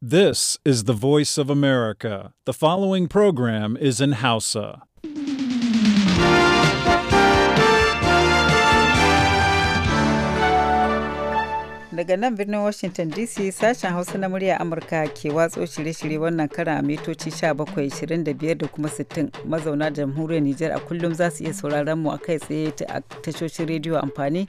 This is the voice of America. The following program is in Hausa. Daga nan birnin Washington DC sashen Hausa na murya Amurka ke watso shirye-shirye wannan kara a mitoci 1725 da kuma 60 mazauna jamhuriyar Nijar a kullum za su iya sauraron mu a kai tsaye ta tashoshin rediyo amfani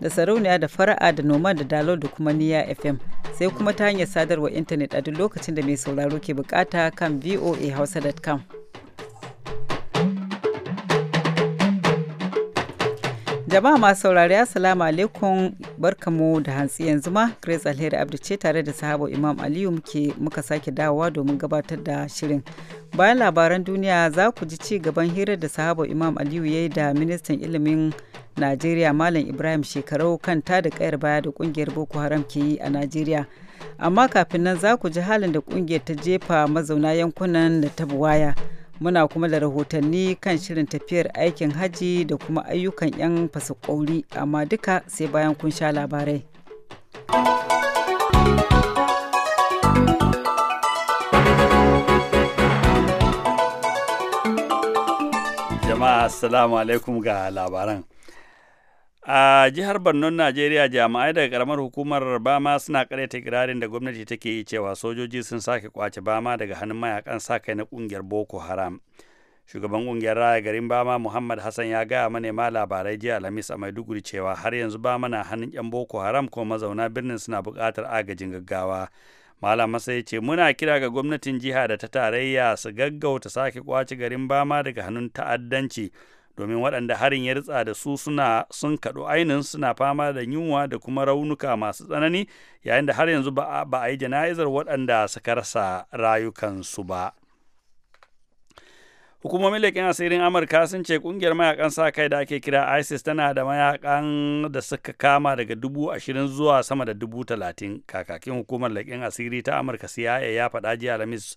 da sarauniya da fara'a da noma da dalo da kuma niya fm sai kuma ta hanyar sadarwa intanet a duk lokacin da mai sauraro ke bukata kan voahausa.com jama'a masu saurari assalamu alaikum barkamu da hantsi yanzu ma grace alheri abdu ce tare da sahabo imam aliyu muke muka sake dawowa domin gabatar da shirin bayan labaran duniya za ku ji ci gaban hirar da sahabo imam aliyu ya yi da ministan ilimin najeriya malam ibrahim shekarau kan ta da kayar baya da kungiyar boko haram ke yi a najeriya amma kafin nan za ku ji halin da kungiyar ta jefa mazauna yankunan da ta buwaya muna kuma da rahotanni kan shirin tafiyar aikin hajji da kuma ayyukan 'yan fasakori amma duka sai bayan kun sha labarai jama'a assalamu alaikum ga labaran a jihar Borno Najeriya jami'ai daga karamar hukumar Bama suna karyata kirarin da gwamnati take yi cewa sojoji sun sake kwace Bama daga hannun mayakan sa kai na kungiyar Boko Haram. Shugaban kungiyar raya garin Bama Muhammad Hassan ya gaya manema labarai jiya Alhamis a Maiduguri cewa har yanzu Bama na hannun 'yan Boko Haram kuma mazauna birnin suna buƙatar agajin gaggawa. Malam Masa ya ce muna kira ga gwamnatin jiha da ta tarayya su gaggauta sake kwace garin Bama daga hannun ta'addanci domin waɗanda harin ya ritsa da su suna sun kaɗu ainin suna fama da yunwa da kuma raunuka masu tsanani yayin da har yanzu ba a yi jana'izar waɗanda suka rasa rayukansu ba. Hukumomin leƙen asirin Amurka sun ce ƙungiyar mayakan sa kai da ake kira ISIS tana da mayakan da suka kama daga dubu ashirin zuwa sama da dubu talatin. Kakakin hukumar leƙen asiri ta Amurka CIA ya faɗa jiya Alhamis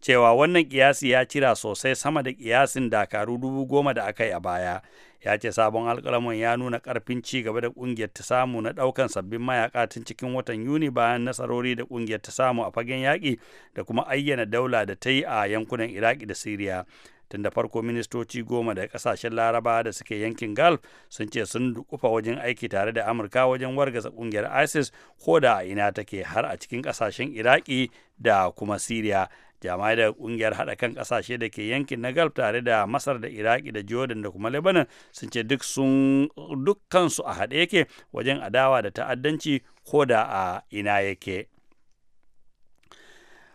cewa wannan kiyasi ya cira sosai sama da kiyasin dakaru dubu goma da aka yi a baya ya ce sabon alkalamin ya nuna karfin ci gaba da kungiyar ta samu na daukan sabbin mayaka tun cikin watan yuni bayan nasarori da kungiyar ta samu a fagen yaƙi da kuma ayyana daula da ta yi a yankunan iraki da siriya tun da farko ministoci goma da kasashen laraba da suke yankin gulf sun ce sun dukufa wajen aiki tare da amurka wajen wargaza kungiyar isis ko da ina take har a cikin kasashen iraki da kuma siriya jami'ai daga kungiyar hada kan kasashe da ke yankin na gulf tare da masar da iraki da jordan da kuma lebanon sun ce duk sun dukkansu a haɗe yake wajen adawa da ta'addanci ko da a ina yake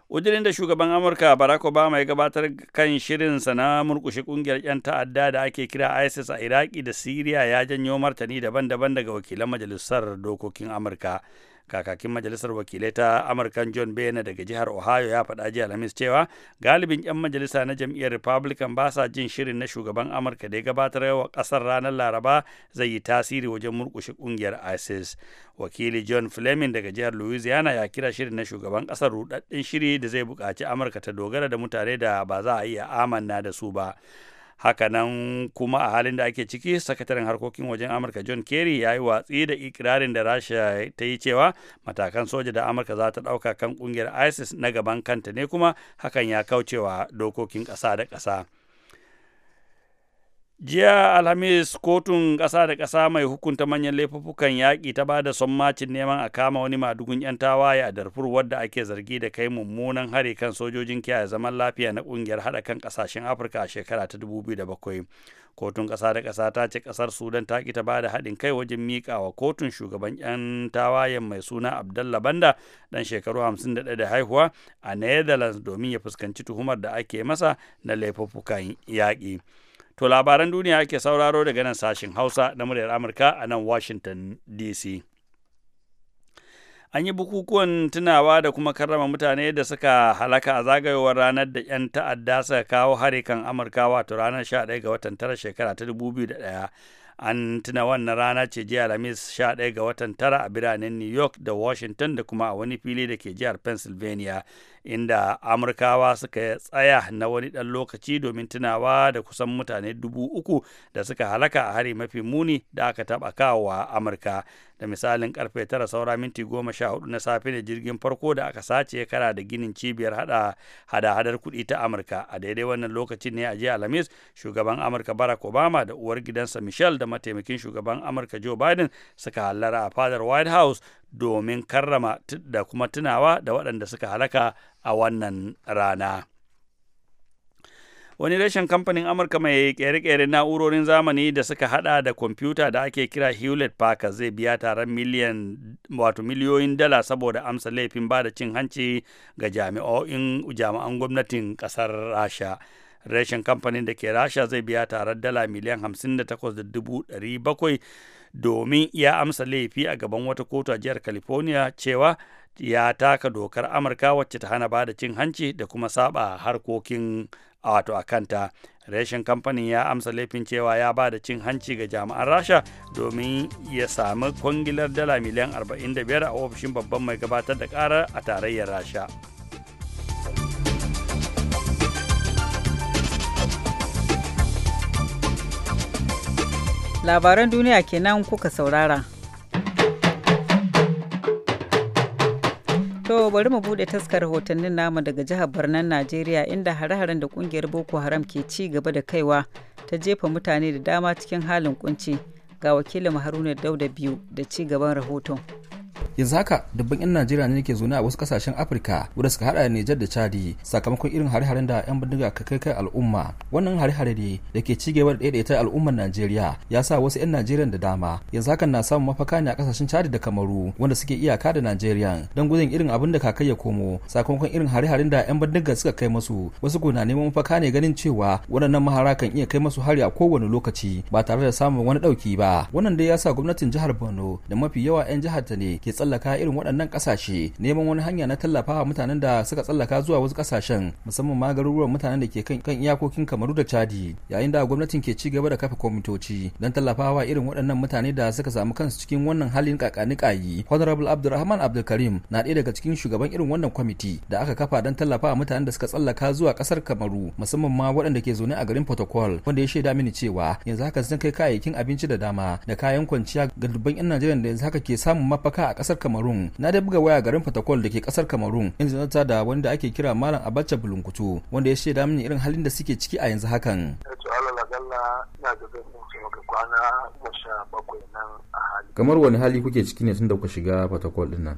ujirin da shugaban amurka barack obama ya gabatar kan shirinsa na murkushe kungiyar 'yan ta'adda da ake kira isis a iraki da siriya ya janyo martani daban-daban daga wakilan majalisar dokokin amurka kakakin majalisar wakilai ta amurkan john bena daga jihar ohio ya faɗa jiya alhamis cewa galibin 'yan majalisa na jam'iyyar republican ba sa jin shirin na shugaban amurka da ya gabatar wa ƙasar ranar laraba zai yi tasiri wajen murkushe ƙungiyar isis wakili john fleming daga jihar louisiana ya kira shirin na shugaban ƙasar rudaddin shiri da zai buƙaci amurka ta dogara da mutane da ba za a iya amanna da su ba hakanan kuma a halin da ake ciki sakataren harkokin wajen amurka john kerry ya yi watsi da ikirarin da rasha ta yi cewa matakan soja da amurka za ta ɗauka kan ƙungiyar isis na gaban kanta ne kuma hakan ya kaucewa dokokin ƙasa da ƙasa. jiya alhamis kotun ƙasa da ƙasa mai hukunta manyan laifukan yaƙi ta bada macin neman a kama wani madugun 'yan tawaye a darfur wadda ake zargi da kai mummunan hari kan sojojin kiyaye zaman lafiya na ƙungiyar haɗa kan ƙasashen afirka a shekara ta 2007 kotun ƙasa da ƙasa ta ce ƙasar sudan ta ƙi ta bada haɗin kai wajen miƙa wa kotun shugaban 'yan tawayen mai suna abdallah banda ɗan shekaru 51 da haihuwa a netherlands domin ya fuskanci tuhumar da ake masa na laifukan yaƙi To labaran duniya ake sauraro daga nan sashin Hausa na muryar Amurka a nan Washington DC. An yi bukukuwan tunawa da kuma karrama mutane da suka halaka a zagayowar ranar da 'yan ta'adda suka kawo hare kan Amurka wato ranar 11 ga watan tara shekara ta 2001 an tuna wannan rana ce jiya alhamis 11 ga watan tara a biranen new york da washington da kuma a wani fili da ke jihar pennsylvania inda amurkawa suka tsaya na wani ɗan lokaci domin tunawa da kusan mutane dubu uku da suka halaka a hari mafi muni da aka taɓa wa amurka da misalin karfe tara saura minti goma sha hudu na safe da jirgin farko da aka sace kara da ginin cibiyar hada hada-hadar kudi ta amurka a daidai wannan lokacin ne a jiya alhamis shugaban amurka barack obama da uwar gidansa michelle da mataimakin shugaban amurka joe biden suka hallara a fadar white house domin karrama da kuma tunawa da waɗanda suka halaka a wannan rana. wani rashin kamfanin amurka mai kere-kere na'urorin zamani da suka hada da kwamfuta da ake kira hewlett packard zai biya taron wato miliyoyin dala saboda amsa laifin ba da cin hanci ga jami'o'in jami'an gwamnatin kasar rasha rashin kamfanin da ke rasha zai biya taron dala miliyan 58,700 domin ya amsa laifi a gaban wata kotu a jihar california cewa ya taka dokar amurka wacce ta hana bada cin hanci da kuma saba harkokin a wato a kanta reshen kamfanin ya amsa laifin cewa ya ba da cin hanci ga jami'an rasha domin ya sami kwangilar dala miliyan 45 a ofishin babban mai gabatar da karar a tarayyar rasha labaran duniya kenan kuka saurara To bari mu bude taskar rahotannin namu daga jihar Barnan Najeriya inda hare-haren da kungiyar Boko Haram ke ci gaba da kaiwa ta jefa mutane da dama cikin halin kunci. Ga wakilin Haruna Dauda biyu da ci gaban rahoton. yanzu haka dubban 'yan najeriya ne ke zaune a wasu kasashen afirka wadda suka hada da nijar da chadi sakamakon irin hare-haren da 'yan bindiga ka kai kai al'umma wannan hare-hare ne da ke ci gaba da daidaita al'ummar najeriya ya sa wasu 'yan najeriya da dama yanzu haka na samun mafaka ne a kasashen chadi da kamaru wanda suke iyaka da najeriya don gudun irin abin da kakai ya komo sakamakon irin hare-haren da 'yan bindiga suka kai masu wasu ko na neman mafaka ne ganin cewa waɗannan mahara kan iya kai masu hari a kowane lokaci ba tare da samun wani ɗauki ba wannan dai ya sa gwamnatin jihar borno da mafi yawa 'yan jihar ta ne ke tsallaka irin waɗannan ƙasashe neman wani hanya na tallafawa mutanen da suka tsallaka zuwa wasu ƙasashen musamman ma garuruwan mutanen da ke kan iyakokin kamaru da chadi yayin da gwamnatin ke ci gaba da kafa kwamitoci don tallafawa irin waɗannan mutane da suka samu kansu cikin wannan halin kakanikayi honorable abdulrahman abdulkarim na ɗaya daga cikin shugaban irin wannan kwamiti da aka kafa don tallafawa mutanen da suka tsallaka zuwa ƙasar kamaru musamman ma waɗanda ke zaune a garin protocol wanda ya shaida mini cewa yanzu haka sun kai kayayyakin abinci da dama da kayan kwanciya ga dubban 'yan najeriya da yanzu haka ke samun mafaka kasar Cameroon na da buga waya garin Fatakol da ke kasar kamarun in zanata da wanda ake kira Malam Abacha Bulunkutu wanda ya shaida mini irin halin da suke ciki a yanzu hakan. Eh, Kamar wani hali kuke ciki ne tun da kuka shiga Fatakol din eh,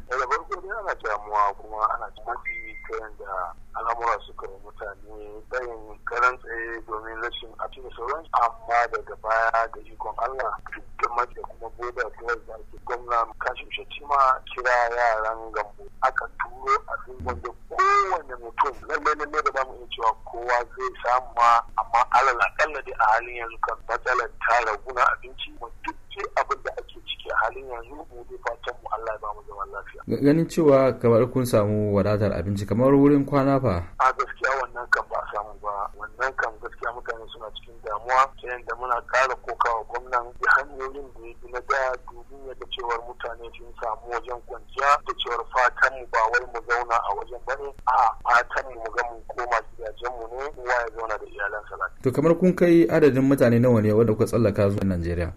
al'amura suka yi mutane bayan karan tsaye domin rashin a cikin sauran amma daga baya da ikon Allah duk da kuma boda kuma da ake gwamna kashin shatima kira yaran gambo aka turo a wanda kowane mutum lalle lalle da mu iya cewa kowa zai samu ma amma alal akalla dai a halin yanzu kan matsalar ta raguna abinci duk abin da ake a halin yanzu mu dai fatan mu Allah ya ba mu zaman lafiya ganin cewa kamar kun samu wadatar abinci kamar wurin kwana fa a gaskiya wannan kan ba samu ba wannan kan gaskiya mutane suna cikin damuwa ta yadda muna ƙara kokawa gwamnan da hanyoyin da ya bi na da domin ya ga cewar mutane sun samu wajen kwanciya da cewar fatan mu ba wai mu zauna a wajen bane a fatan mu ga mu koma gidajen mu ne kowa ya zauna da iyalansa lafiya to kamar kun kai adadin mutane nawa ne wanda kuka tsallaka zuwa Najeriya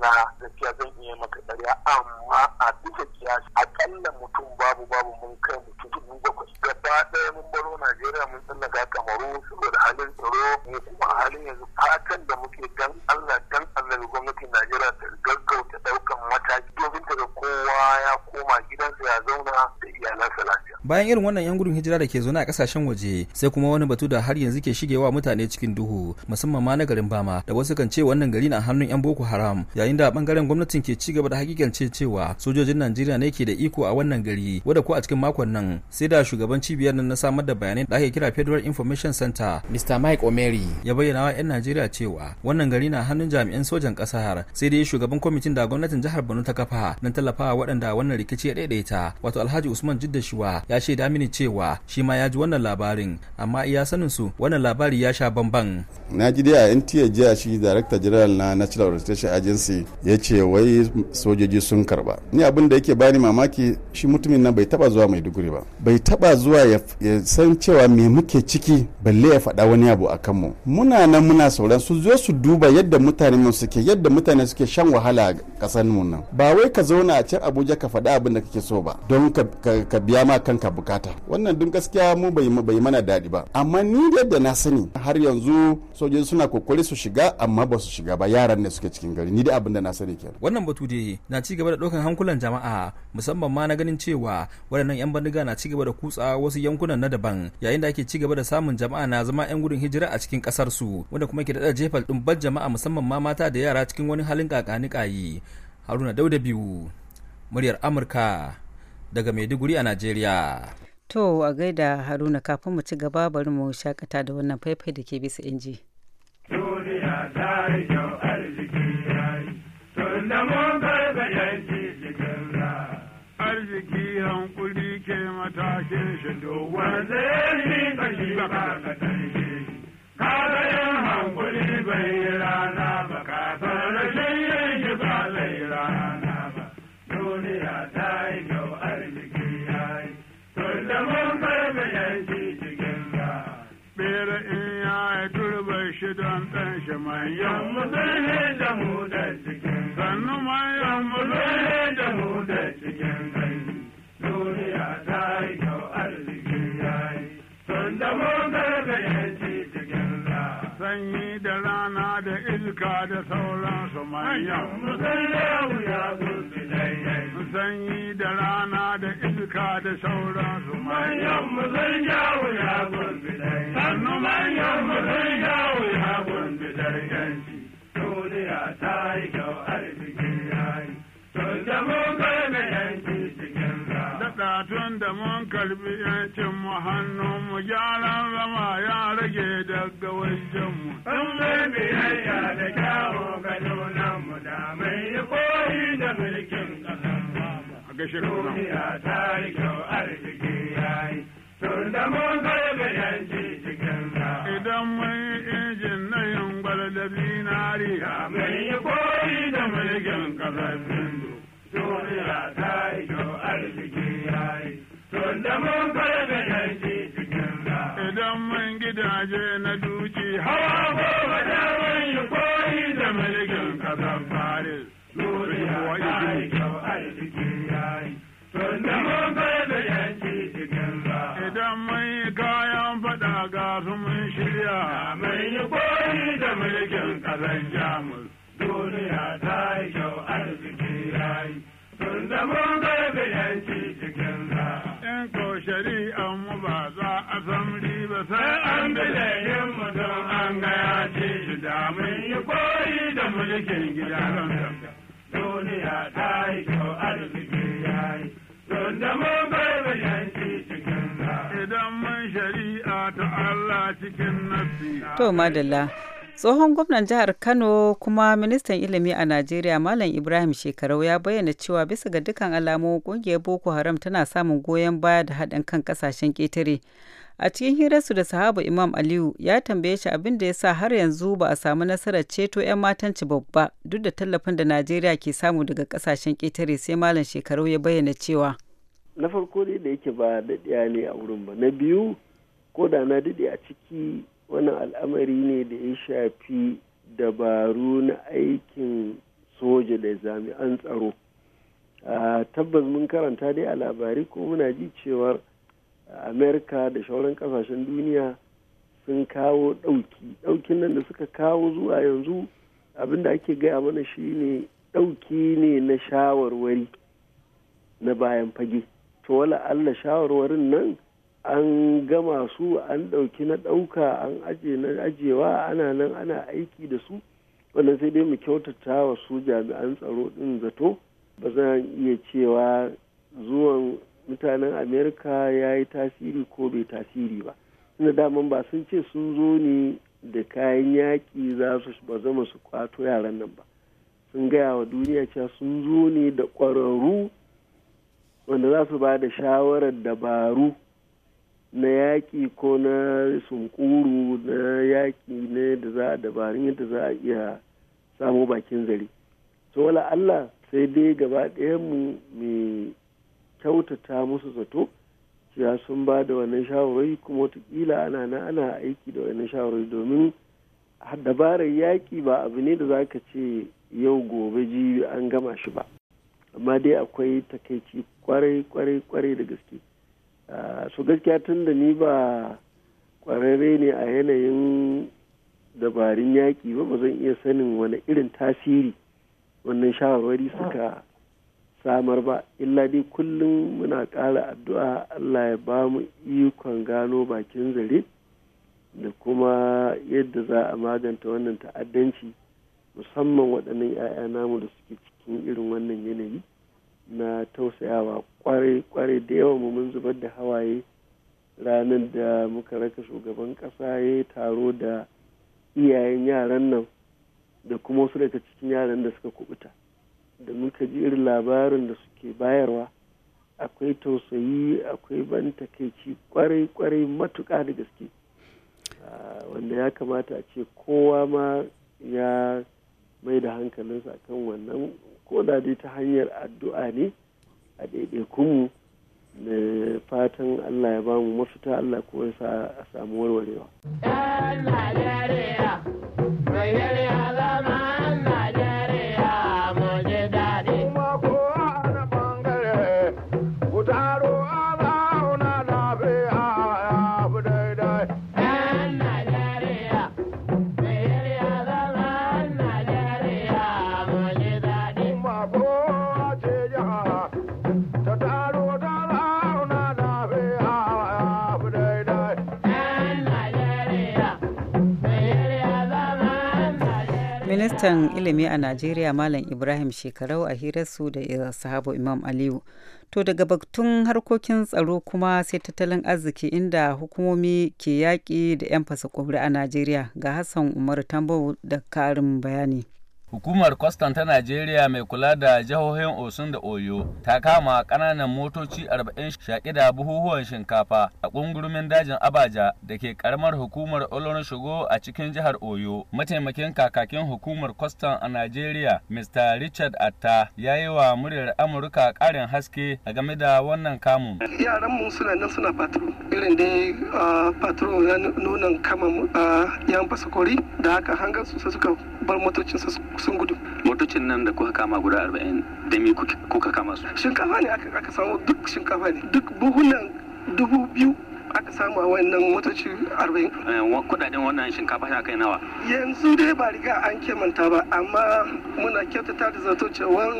kaza gaskiya zan iya maka ɗariya. amma a bisa kiyasi akalla mutum babu babu mun kai mutum dubu bakwai gaba ɗaya mun baro najeriya mun tsallaka kamaru saboda halin tsaro ne kuma halin yanzu fatan da muke dan allah bayan irin wannan yan gudun hijira da ke zaune a kasashen waje sai kuma wani batu da har yanzu ke shigewa mutane cikin duhu musamman ma na garin bama da wasu kan ce wannan gari na hannun yan boko haram yayin da bangaren gwamnatin ke cigaba gaba da hakikance cewa sojojin najeriya ne ke da iko a wannan gari wadda ko a cikin makon nan sai da shugaban cibiyar nan na samar da bayanai da ake kira federal information center mr mike omeri ya bayyana wa yan najeriya cewa wannan gari na hannun jami'an sojan kasar sai dai shugaban kwamitin da gwamnatin jihar borno ta kafa don tallafawa waɗanda wannan rikici ya daidaita wato alhaji usman jiddashuwa ya ya shaida mini cewa shi ma ya ji wannan labarin amma iya sanin su wannan labari ya sha bamban na ji dai a NTA jiya shi director general na National Orientation Agency ya ce wai sojoji sun karba ni abin da yake bani mamaki shi mutumin nan bai taba zuwa Maiduguri ba bai taba zuwa ya san cewa me muke ciki balle ya faɗa wani abu a kanmu muna nan muna sauran su zo su duba yadda mutane mu suke yadda mutane suke shan wahala a ƙasar mu nan ba wai ka zauna a can Abuja ka faɗa abin da kake so ba don ka biya ma kanka ka bukata wannan dun gaskiya mu bai bai mana daɗi ba amma ni da na sani har yanzu sojoji suna kokari su shiga amma ba su shiga ba yaran ne suke cikin gari ni da abin da na sani kenan wannan batu dai na ci gaba da ɗaukar hankulan jama'a musamman ma na ganin cewa waɗannan yan bandiga na ci gaba da kutsa wasu yankunan na daban yayin da ake ci gaba da samun jama'a na zama yan gudun hijira a cikin ƙasar su wanda kuma ke da jefa ɗumbar jama'a musamman ma mata da yara cikin wani halin kakani haruna dauda biyu muryar amurka daga Maiduguri a Najeriya. To a gaida Haruna kafin mu ci gaba bari mu shakata da wannan faifai da ke bisa inji. Duniya ta yi kyau arziki yayi, hankuli ke matakin shi dogon zai yi kashi ba ka ka bayan hankuli bai gidan ɗan shi mai da mu da cikin sannu mai da mu da cikin da da rana da iska da sauransu mai da sauransu manyan mu zan jawo ya gurbi dai sannu manyan mu zan jawo ya gurbi dai yanci duniya ta yi kyau arziki ya yi tun da mun karbi yanci cikin za daɗa tun da mun karbi yancin mu hannu mu gyaran zama ya rage daga wajen mu in mai biyayya da kyawo ga nunan mu da mai koyi da mulkin ƙasa gaishe ku Idan mun injin na yin gwal da zinari. mai yi koyi da mulkin kasar Duniya ta yi kyau arziki tun da mun cikin Idan mun gidaje na duki hawa aikin gida da To madalla. Tsohon gwamnan jihar Kano kuma ministan ilimi a Najeriya Malam Ibrahim Shekarau ya bayyana cewa bisa ga dukkan alamu kungiyar Boko Haram tana samun goyon baya da haɗin kan ƙasashen ƙetare. a cikin hirarsu da sahaba imam aliyu ya tambaye shi abin da ya sa har yanzu ba a samu nasarar ceto 'yan matan babba ba duk da tallafin da najeriya ke samu daga kasashen ƙetare sai malam shekaru ya bayyana cewa na farko dai da yake ba daɗiya ne a wurin ba na biyu ko da na daɗe a ciki wannan al'amari ne da ya shafi dabaru na aikin soja da jami'an tsaro tabbas mun karanta dai a labari ko muna ji cewar amerika da shauran kasashen duniya sun kawo ɗauki ɗaukin nan da suka kawo zuwa yanzu abin da ake gaya mana shine ɗauki ne na shawarwari na bayan fage to wala allah shawarwarin nan an gama su an ɗauki na ɗauka an aje na ajewa ana nan ana aiki da su wannan sai dai mu kyautata wa su jami'an tsaro ɗin zato ba zan iya cewa zuwan mutanen amerika ya yi tasiri ko bai tasiri ba suna daman ba sun ce sun zo ne da kayan yaƙi za su ba zama su kwato yaran nan ba sun gaya wa duniya cewa sun zo ne da ƙwararru wanda za su ba da shawarar dabaru na yaƙi ko na sunkuru na yaƙi ne da za a dabarun yadda za a iya samu bakin zare so wala Allah sai dai gaba mu mai kyautata musu zato cewa sun ba da wannan shawarwari kuma watakila ana na ana aiki da wannan shawarwari domin dabarar yaƙi ba abu ne da za ka ce yau gobe ji an gama shi ba amma dai akwai takaici kwarai kwarai kwarai da gaske su gaskiya tun da ni ba kwararre ne a yanayin dabarun yaƙi ba ba zan iya sanin wani irin tasiri wannan shawarwari suka samar ba illa dai kullum muna ƙara addu'a allah ya ba mu ikon gano bakin zare da kuma yadda za a maganta wannan ta'addanci musamman waɗannan 'ya'ya namu da suke cikin irin wannan yanayi na tausayawa kwarai da yawan mun zubar da hawaye ranar da muka raka shugaban ƙasa ya taro da iyayen yaran nan da kuma wasu daga cikin yaran da suka kubuta da muka ji irin labarin da suke bayarwa akwai tausayi akwai ban takaici kwarai-kwarai matuƙa da gaske ah, wanda ya kamata a ce kowa ma ya mai da hankalinsa kan wannan ko da dai ta hanyar addu'a ne a ɗaiɗaikunmu da fatan allah ya bamu mafita allah kuma ya sa a samu warwarewa. ministan ilimi a najeriya malam ibrahim shekarau a hirarsu da sahabo imam aliyu to daga baktun harkokin tsaro kuma sai tattalin arziki inda hukumomi ke yaƙi da 'yan fasa a najeriya ga hassan umaru tambo da karin bayani Hukumar kwastan ta Najeriya mai kula da jihohin Osun da Oyo ta kama ƙananan motoci 40 shaƙi da buhuhuwan shinkafa a ƙungurumin dajin Abaja da ke ƙaramar hukumar Olorin Shugo a cikin jihar Oyo. Mataimakin kakakin hukumar kwastan a Najeriya, Mr. Richard Atta, ya yi wa muryar Amurka ƙarin haske a game da wannan kamun. Yaran mu suna nan suna fatro, irin fatro kama yan fasakori da haka hangar su suka bar motocinsu sun gudu motocin nan da kuka kama guda 40 da me kuka kama su shinkafa ne aka samu duk shinkafa ne duk buhunan dubu biyu aka samu a wannan motoci 40 eh, kudaden wannan shinkafa ta kai nawa yanzu dai ba riga an kemanta ba amma muna kyautata da zato cewa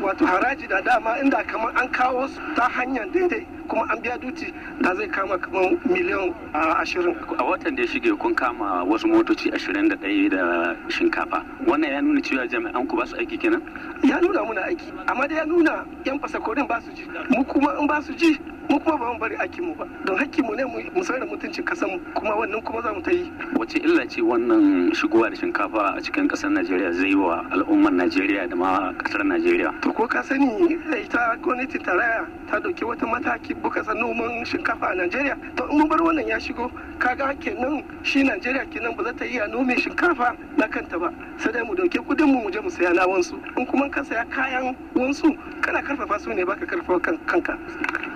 wato haraji da dama inda kamar an kawo su ta hanyar daidai kuma an biya duti da zai kama kamar miliyan ashirin. A watan da ya shige kun kama wasu motoci ashirin da ɗaya da shinkafa. Wannan ya nuna cewa jami'an ku ba su aiki kenan? Ya nuna muna aiki, amma da ya nuna 'yan fasakorin ba su ji. Mu kuma in ba su ji mu kuma ba mu bari hakkin mu ba don hakkin mu ne mu san da mutuncin kasan mu kuma wannan kuma za mu ta yi wace illa ce wannan shigowa da shinkafa a cikin kasar Najeriya zai yi wa al'ummar Najeriya da ma kasar Najeriya to ko ka sani eh, ita gwamnatin tarayya ta dauki wata mataki buka noman shinkafa a Najeriya to in mu bar wannan ya shigo kaga kenan shi Najeriya kenan ba za ta iya nome shinkafa na kanta ba sai dai mu dauke kudin mu mu je mu saya na wansu in kuma ka saya kayan wansu kana karfafa su ne baka karfafa kanka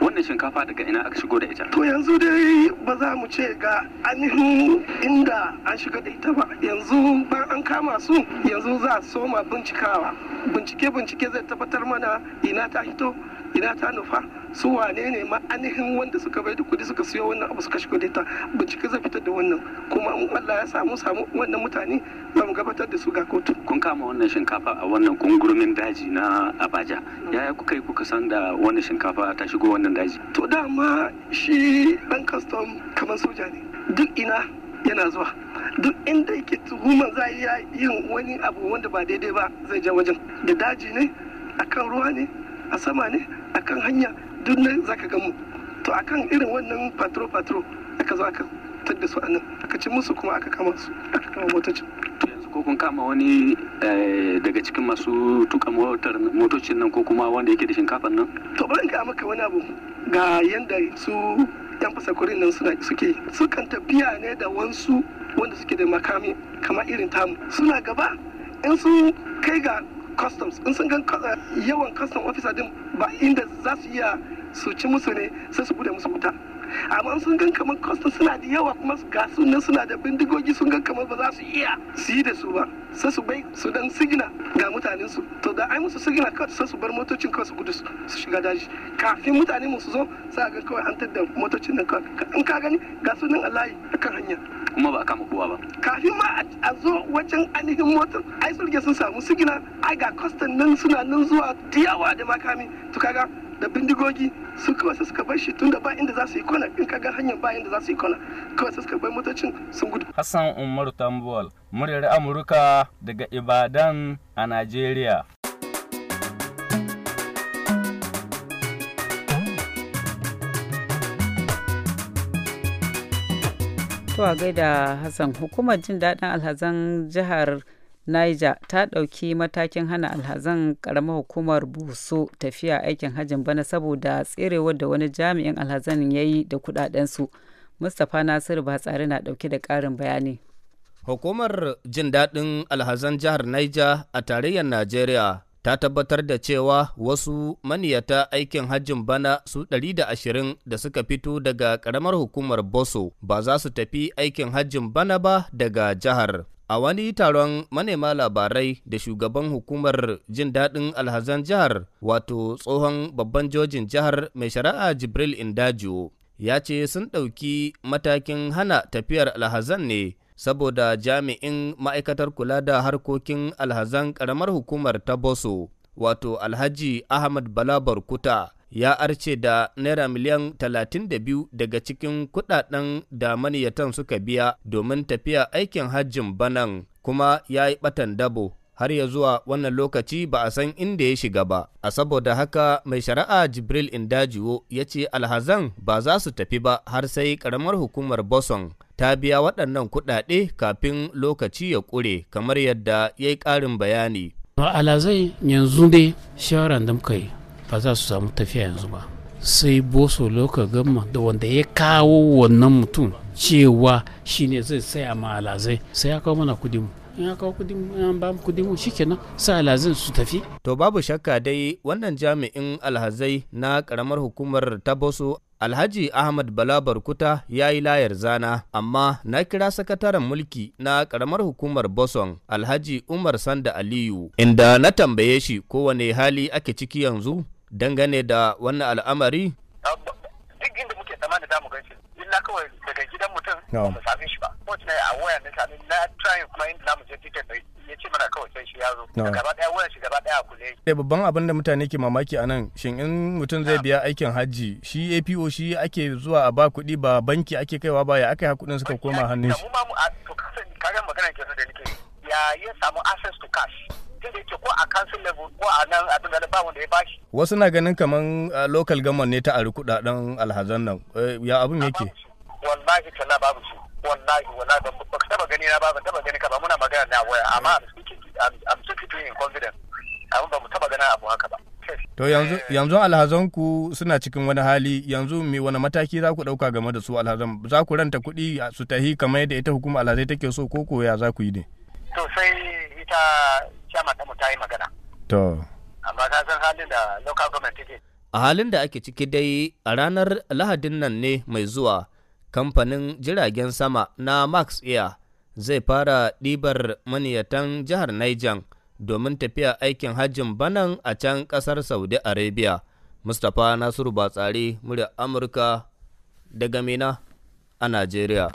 wannan shinkafa daga ina aka shigo da ita to yanzu dai ba za mu ce ga ainihin inda an shiga da ita ba yanzu ba an kama su yanzu za a soma bincikawa bincike bincike zai tabbatar mana ina ta hito ina ta nufa su wane ne ma ainihin wanda suka bai da kudi suka siyo wannan abu suka shigo da ita bincike zai fitar da wannan kuma in Allah ya samu samu wannan mutane za mu gabatar da su ga kotu kun kama wannan shinkafa a wannan kungurumin daji na Abaja yaya kuka yi kuka san da wannan shinkafa ta shigo wannan daji to dama shi dan custom kamar soja ne duk ina yana zuwa duk inda yake tuhuma za yi yin wani abu wanda ba daidai ba zai je wajen da daji ne akan ruwa ne a sama ne a kan hanya duk nan za ka mu to a kan irin wannan patro patro aka zo aka fitar da su a nan aka ci musu kuma aka kama su aka kama motocin ko kun kama wani eh, daga cikin masu tuka motar motocin nan ko kuma wanda yake da shinkafan nan to bari ga maka wani abu ga yanda su yan fasakurin nan suna suke sukan tafiya ne da wansu wanda suke da makami kamar irin tamu suna gaba in sun kai ga customs in sun gan yawan customs officer din ba inda za su iya su ci musu ne sai su bude musu wuta amma sun gan kamar customs suna da yawa kuma ga sunan suna da bindigogi sun gan kamar ba za su iya su yi da su ba sai su bai su dan sigina ga mutanen su to da ai musu sigina kawai sai su bar motocin kawai su gudu su shiga daji kafin mutane mu su zo sai ga kawai an tadda motocin nan kawai in ka gani ga su nan alayi akan hanya kuma ba a kama kowa ba kafin ma a zo wajen ainihin motar ai sun sun samu sigina ai ga kwastan nan suna nan zuwa diyawa da makami to kaga da bindigogi kawai wasu suka bar shi tunda ba inda za su yi kwana in kaga hanyar ba inda za su yi kwana kawai suka bar motocin sun gudu Hassan Umar Tambuwal muryar Amurka daga Ibadan a Najeriya To a gaida Hassan hukumar jin daɗin alhazan jihar Niger ta ɗauki matakin hana alhazan ƙaramar hukumar Buso tafiya aikin hajjin bana saboda tserewar da wani jami'in alhazan ya yi da kuɗaɗensu. Mustapha Nasiru Batsari na ɗauke da ƙarin bayani. Hukumar jin daɗin alhazan jihar Niger a tarayyar Najeriya ta tabbatar da cewa wasu maniyata aikin hajjin bana su 120 da suka fito daga ƙaramar hukumar Boso ba za su tafi aikin hajjin bana ba daga jihar. A wani taron manema labarai da shugaban hukumar jin daɗin alhazan jihar wato tsohon babban jojin jihar mai shari'a Jibril Indajo ya ce sun ɗauki matakin hana tafiyar alhazan ne saboda jami'in ma'aikatar kula da harkokin alhazan ƙaramar hukumar ta Boso wato Alhaji Ahmad Bala Barkuta ya arce da naira miliyan 32 daga cikin kudaden da maniyatan suka biya domin tafiya aikin hajjin banan kuma ya yi batan dabo har ya zuwa wannan lokaci ba a san inda ya shiga ba a saboda haka mai shari'a jibril indajiwo ya ce alhazan ba za su tafi ba har sai karamar hukumar boson ta biya waɗannan kuɗaɗe kafin lokaci ya ƙure kamar yadda ya yi ƙarin bayani alhazai yanzu dai shawarar da muka yi ba za su samu tafiya yanzu ba sai boso loka gama da wanda ya kawo wannan mutum cewa shine zai saya ma alazai sai ya kawo mana kudin in ya kawo kudin an ba mu kudin shikenan sai alhazin su tafi to babu shakka dai wannan jami'in alhazai na karamar hukumar ta boso Alhaji Ahmad Bala Barkuta ya yi layar zana, amma na kira sakataren mulki na karamar hukumar Boson Alhaji Umar Sanda Aliyu, inda na tambaye shi kowane hali ake ciki yanzu. dangane da wannan al'amari? Duk inda muke tsammanin za mu gan shi, illa kawai daga gidan mutum ba mu same shi ba. Kowace na a waya na sami na trying kuma inda zamu je titan da ya ce mana kawai sai shi ya zo. Gaba ɗaya wayan shi gaba ɗaya a kule. Sai eh, babban abin da mutane ke mamaki a nan, shin in mutum zai biya aikin hajji, shi APO shi ake zuwa a ba kuɗi ba banki ake kaiwa ba ya aka yi kuɗin suka koma hannun shi. mu a to magana ke da ya ya samu access to cash. duk da ko a council level ko a nan abin ba wanda ya bashi. Wasu na ganin kaman uh, local government ne ta ari kudaden alhazan nan eh, ya abin yake. Wallahi tana babu su wallahi wallahi ba ba taba gani na ba taba gani muna magana na waya amma in ba mu taba abu haka ba. To yanzu eh. yanzu alhazan ku suna cikin wani hali yanzu me wani mataki za ku dauka game da su alhazan za ku ranta kuɗi su tahi kamar yadda ita hukuma alhazai take so ko ko ya za ku yi ne. To sai ita mu ta yi magana. To. Amma ta san halin da local government take. A halin da ake ciki dai a ranar Lahadin nan ne mai zuwa kamfanin jiragen sama na Max Air zai fara ɗibar maniyatan jihar Niger domin tafiya aikin hajjin banan a can ƙasar Saudi Arabia. Mustapha Nasiru Batsari, murya Amurka daga Mina a Najeriya.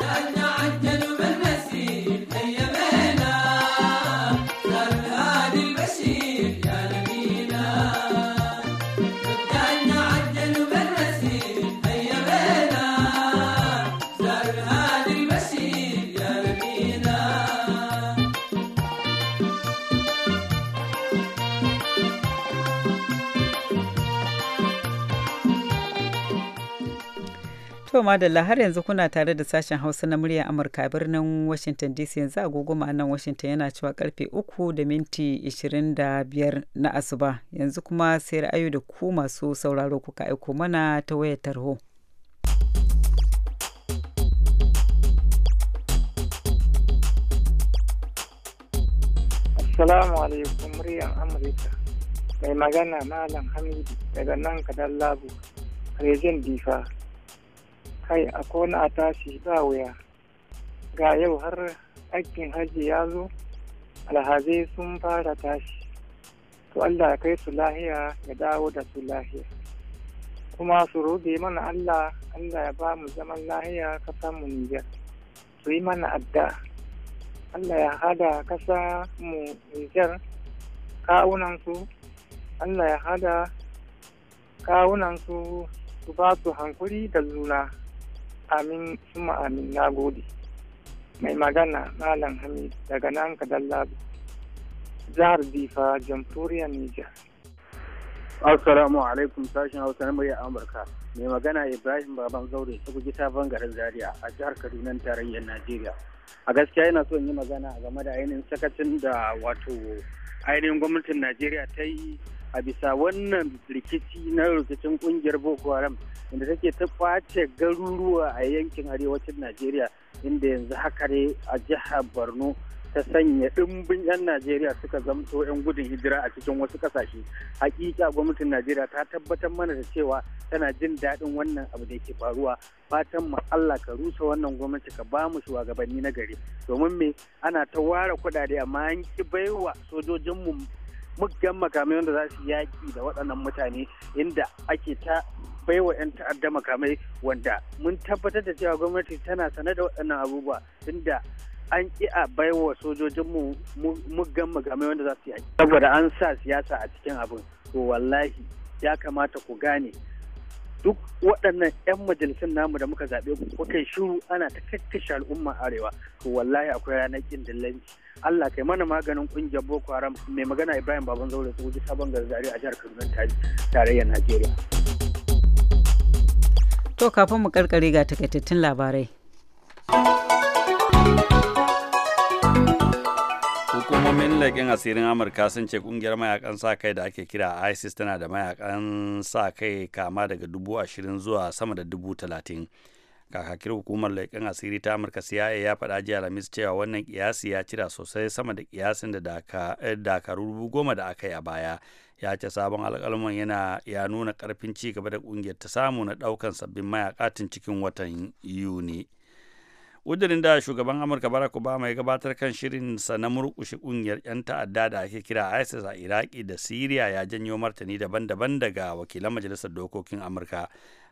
To madalla har yanzu kuna tare da sashen Hausa na murya Amurka birnin Washington DC yanzu agogo ma'anan Washington yana cewa karfe 3 da minti 25 na asuba yanzu kuma sai ra'ayi da ku masu sauraro kuka aiko mana ta wayar tarho. Assalamu alaikum muryan Amurka mai magana Malam Hamidu daga nan kadan labu Rejin Difa kai akwai wani a tashi ba wuya ga yau har aikin hajji ya zo alhazai sun fara tashi to allah ya kai su lahiya ya dawo da su lahiya kuma su roge mana allah allah ya ba mu zaman lahiya kasa mu nijar su yi mana adda allah ya hada kasa mu nijar kawunansu allah ya hada kawunansu su ba su hankuri da juna Amin suma amin na gode. Mai magana Malam Hamid daga nan Kadalla jihar Difa jamhuriyar niger Assalamu alaikum sashen Hausa na murya Amurka. Mai magana Ibrahim Baban Zaure ta guji sabon garin Zaria a jihar Kaduna tarayyar Najeriya. A gaskiya yana son yi magana game da ainihin sakacin da wato ainihin gwamnatin Najeriya ta yi a bisa wannan rikici na rikicin kungiyar Boko Haram inda take ta kwace garuruwa a yankin arewacin najeriya inda yanzu haka ne a jihar borno ta sanya dimbin 'yan najeriya suka zamto 'yan gudun hijira a cikin wasu ƙasashe hakika gwamnatin najeriya ta tabbatar mana da cewa tana jin daɗin wannan abu da ke faruwa fatan mu allah ka rusa wannan gwamnati ka ba mu shugabanni na gari domin me ana ta ware kuɗaɗe amma an ki baiwa sojojinmu muggan makamai wanda za su yaƙi da waɗannan mutane inda ake ta baiwa 'yan ta'adda makamai wanda mun tabbatar da cewa gwamnati tana sane da waɗannan abubuwa inda an ki a baiwa mu muggan makamai wanda za su yi saboda an sa siyasa a cikin abin to wallahi ya kamata ku gane duk waɗannan 'yan majalisun namu da muka zaɓe ku kai shiru ana ta kakkashe al'umma arewa to wallahi akwai ranar ƙin dillanci Allah kai mana maganin ƙungiyar Boko Haram mai magana Ibrahim Baban Zaure Tsoji Sabon Garzari a jihar Kaduna tarayyar Najeriya. To kafin mu karkare ga takaitattun labarai. Hukumomin laƙin asirin Amurka sun ce ƙungiyar mayakan sa kai da ake kira ISIS tana da mayakan sa kai kama daga dubu ashirin zuwa sama da dubu talatin. kakakir hukumar laƙin asiri ta Amurka CIA ya faɗa jiya Alhamis cewa wannan kiyasi ya cira sosai sama da kiyasin da eh, dakaru goma da aka yi a baya. ya ce sabon alkalman yana ya nuna karfin ci gaba da kungiyar ta samu na daukan sabbin mayaƙa cikin watan yuni ƙudurin da shugaban amurka barack obama ya gabatar kan shirin sa na murkushe kungiyar 'yan ta'adda da ake kira isis a iraki da siriya ya janyo martani daban-daban daga wakilan majalisar dokokin amurka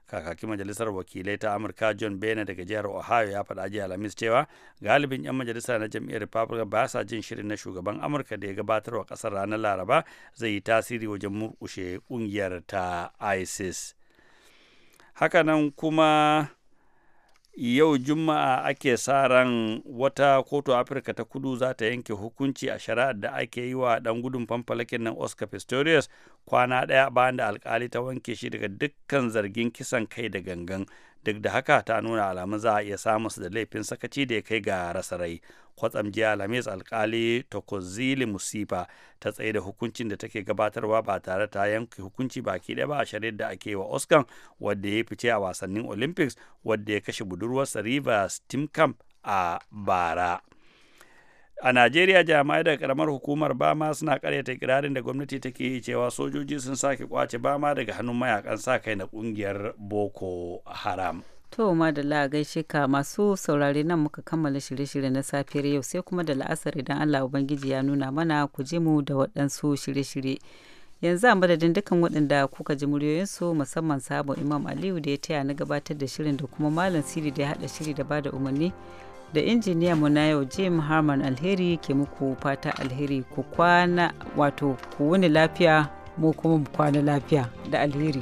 kakakin majalisar wakilai ta amurka john bena daga jihar ohio ya faɗa jiya alhamis cewa galibin 'yan majalisa na jam'iyyar republican ba sa jin shirin na shugaban amurka da ya gabatar wa ƙasar ranar laraba zai yi tasiri wajen murƙushe ƙungiyar ta isis hakanan kuma yau juma'a ake sa ran wata kotu afirka ta kudu za ta yanke hukunci a shari'ar da ake yi wa dan gudun fanfalakin nan oscar pistorius kwana ɗaya bayan da alkali ta wanke shi daga dukkan zargin kisan kai da gangan duk da haka ta nuna alamun za a iya samun su da laifin sakaci da ya kai ga rasa rai kwatsam jiya alhamis alkali tokozili musifa ta tsaye da hukuncin da take gabatarwa ba tare ta yanke hukunci baki ɗaya ba a shari'ar da ake wa oscar wadda ya fice a wasannin olympics wadda ya kashe budurwarsa rivers team camp a bara a najeriya jami'ai daga karamar hukumar bama suna karyata ikirarin da gwamnati take yi cewa sojoji sun sake kwace bama daga hannun mayakan sa kai na kungiyar boko haram To la gaishe ka masu saurare nan muka kammala shirye-shirye na safiyar yau sai kuma da la'asar idan Allah Ubangiji ya nuna mana ku je mu da waɗansu shirye-shirye. Yanzu a madadin dukkan waɗanda kuka ji muryoyinsu musamman sabon Imam Aliyu da ya taya na gabatar da shirin da kuma Malam Siri da ya haɗa shiri da bada umarni. da injiniya mu na yau jim harman alheri ke muku fata alheri ku kwana wato ku wuni lafiya mu kuma kwana lafiya da alheri.